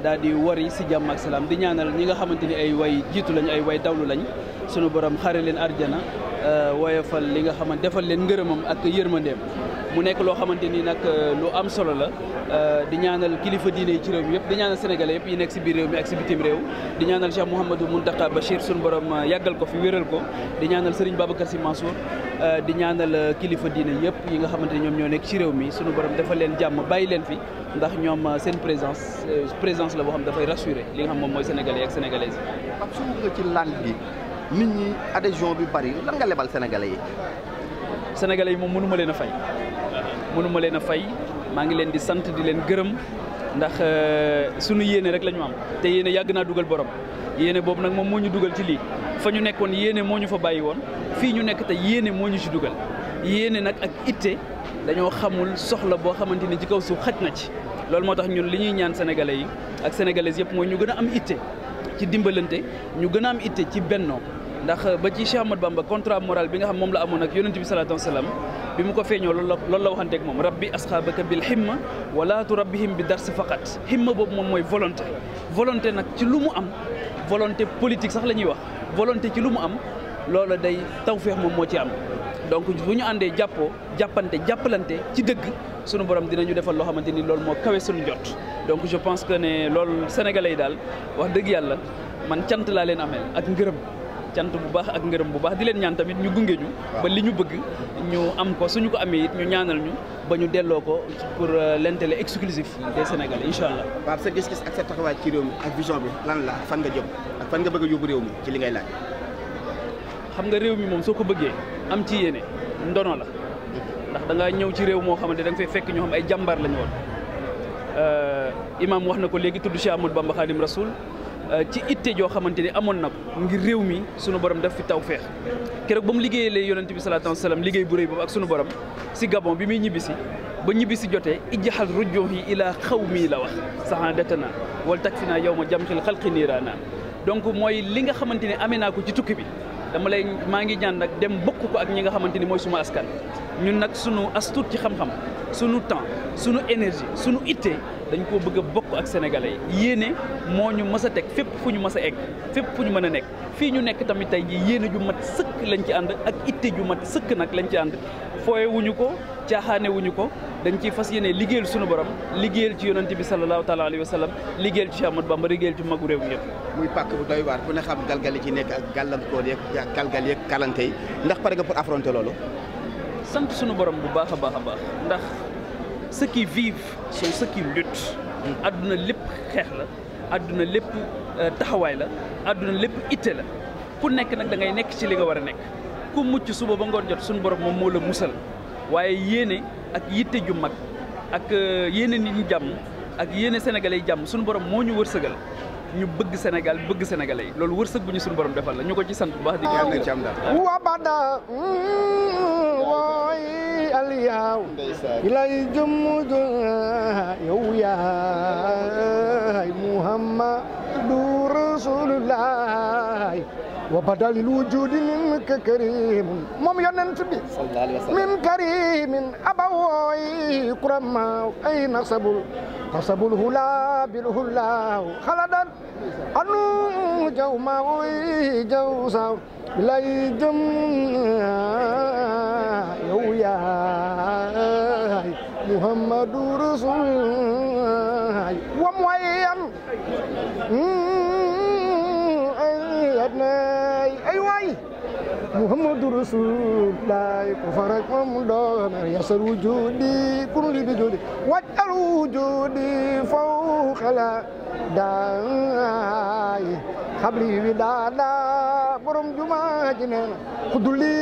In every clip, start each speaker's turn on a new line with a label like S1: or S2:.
S1: daal di wari si jàmm ak salaam di ñaanal ñi nga xamante ni ay way jiitu lañ ay way dawlu lañ sunu borom xare leen arjana euh, woyofal li nga xamante defal leen ngërëmam ak yërmandeem mu nekk loo xamante ni nag euh, lu am solo la euh, di ñaanal kilifa diine yi ci réew mi yëpp di ñaanal sénégalais yëpp yi nekk si biir réew mi ak si bitim réew di ñaanal Cheikh Mouhamadou Mountakha Bachir sunu borom yàggal ko fi wéral ko di ñaanal Serigne Babacar Sy Mansour di ñaanal kilifa diine yëpp yi nga xamante ni ñoom ñoo nekk ci réew mi sunu borom defal leen jàmm bàyyi leen ndax ñoom euh, seen présence euh, présence la boo xam dafay rassurer li nga xam moom mooy sénégalais ak sénégalaises yi. Pape su ci langue bi nit ñi adhésion bi bari lan lebal sénégalais yi. sénégalais yi moom mënu ma leen a fay. mënuma leen a fay maa ngi leen di sant di leen gërëm ndax euh, sunu yéene rek la ñu am te yéene yàgg naa dugal borom yéene boobu nag moom moo ñu dugal ci lii fa ñu nekkoon yéene moo ñu fa bàyyi woon fii ñu nekk te yéene moo ñu ci dugal yéene nag ak itte. dañoo xamul soxla boo xamante ni ci kaw su xaj na ci loolu moo tax ñun li ñuy ñaan sénégalais yi ak sénégalaises yëpp mooy ñu gën a am itte ci dimbalante ñu gën a am itte ci bennoo ndax ba ci Cheikh Ahmad Bamba contrat moral bi nga xam moom la amoon ak yonent bi salaatu wasalaam bi mu ko feeñoo loolu la loolu la waxanteeg moom rabbi asxaabaka bil himma wala turabbihim bi darsi faqat himma boobu moom mooy volonté volonté nag ci lu mu am volonté politique sax la ñuy wax volonté ci lu mu am loola day tawféex moom moo ci am donc bu ñu àndee jàppoo jàppante jàppalante ci dëgg sunu borom dinañu defal loo xamante ni loolu moo kawe sunu jot donc je pense que ne loolu sénégalais yi daal wax dëgg yàlla man cant laa leen ameel ak ngërëm cant bu baax ak ngërëm bu baax di leen ñaan tamit ñu gungee ñu ba li ñu bëgg ñu am ko suñu ko amee it ñu ñaanal ñu ba ñu delloo ko pour euh, l'intérêt exclusif des sénégalais incha allah. waaw sa gis-gis ak sa taxawaay ci réew mi ak vision bi lan la fan nga jëm fan nga bëgg a réew mi ci li ngay laaj. nga réew mi moom soo ko bëggee. am ci yene ndono la ndax da nga ñëw ci réew moo xamante da nga fay fekk ñoo xam ay jàmbaar la ñu woon euh, imaam wax na ko léegi tudd Cheikh Ahmadou Bamba Khadim Rasoul euh, ci itte joo xamante ni amoon na ngi réew mi sunu borom def fi taw feex keroog ba mu liggéeyee lay yonente bi salaatu wasalaam liggéey bu rëy boobu ak sunu borom si Gabon bi muy ñibbisi ba ñibbisi jotee ijaxal rujoox yi ilaa xaw mii la wax saxan detana wal tak fi naa yow ma jam xil xalqi niiraana mooy li nga xamante ne amee naa ko ci tukki bi dama lay maa ngi ñaan ak dem bokk ko ak ñi nga xamante ni mooy suma askan ñun nag sunu astuut ci xam-xam sunu temps sunu énergie sunu itte dañ koo bëgg a bokk ak sénégalais yi yéene moo ñu mës a teg fépp fu ñu mës a egg fépp fu ñu mën a nekk fii ñu nekk tamit tey jii yéene ju mat sëkk lañ ci ànd ak itte ju mat sëkk nag lañ ci ànd fooye ko caaxaane ko dañ ciy fas yéene liggéeyal sunu borom liggéeyal ci yonent bi sallallahu taala alayhi wa sallam liggéeyal ci Cheikh Ahmadou Bamba liggéeyal ci magu réew mi yëpp muy pàkk bu doy waar ku ne xam galgal yi ci nekk ak gàllankoor yeeg galgal yeeg kalante yi ndax pare nga pour affronter loolu sant sunu borom bu baax a baax a baax ndax ceux qui vivent sont ceux qui luttent lépp xeex la àdduna lépp euh, taxawaay la àdduna lépp itte la ku nekk nag da ngay nekk ci li nga war a nekk ku mucc suba ba ngoon jot sunu borom moom moo la musal waaye yéene ak yitte ju mag ak euh, yéene nit ñi jàmm ak yéene sénégalais yi jàmm suñu borom moo ñu wërsëgal ñu bëgg senegal bëgg sénégalais loolu wërsëg bu ñu suñu borom defal la ñu ko ci sant bu baax di ko ci am daal wa bada mm,
S2: mm, woy aliyaw ilay jumujul wa badalil wujudi minka karimun moom yonent bi min karimin abawooy kuramaaw ay nasabul nasabul hula bil hulaaw xaladan jaw maawoy jaw saaw bilay jëm yow yaay muhammadu rasul wa mooy yan nay ay waay muhammadu rasulullah ku faraj moom doona yasar wujudi kun li bijudi wajal wujudi fawqala daay xabli wi daada borom jumaa ji nee na xuduli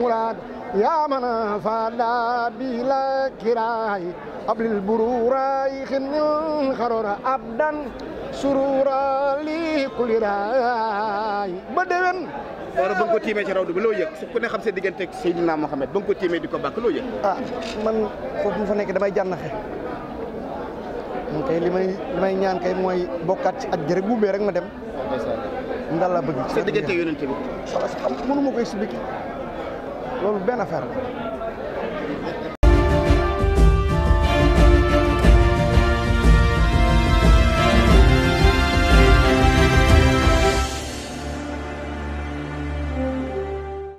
S2: muraad يا من فادا بلا كراي قبل البروراي خن خرور أبدا سرورا لي كل راي بدن
S1: wara ba nga ko tiimee ci raw du ba loo yëg su ku ne xam seen diggante ak Seydina Mohamed ba nga ko tiimee di ko bàkk loo yëg ah
S2: man foofu mu nekk damay jànnaxe man kay li may may ñaan kay mooy bokkaat ci at gi rek bu bee rek ma dem ndal la bëgg sa diggante yonente bi mënu ma ko expliquer loolu benn affaire la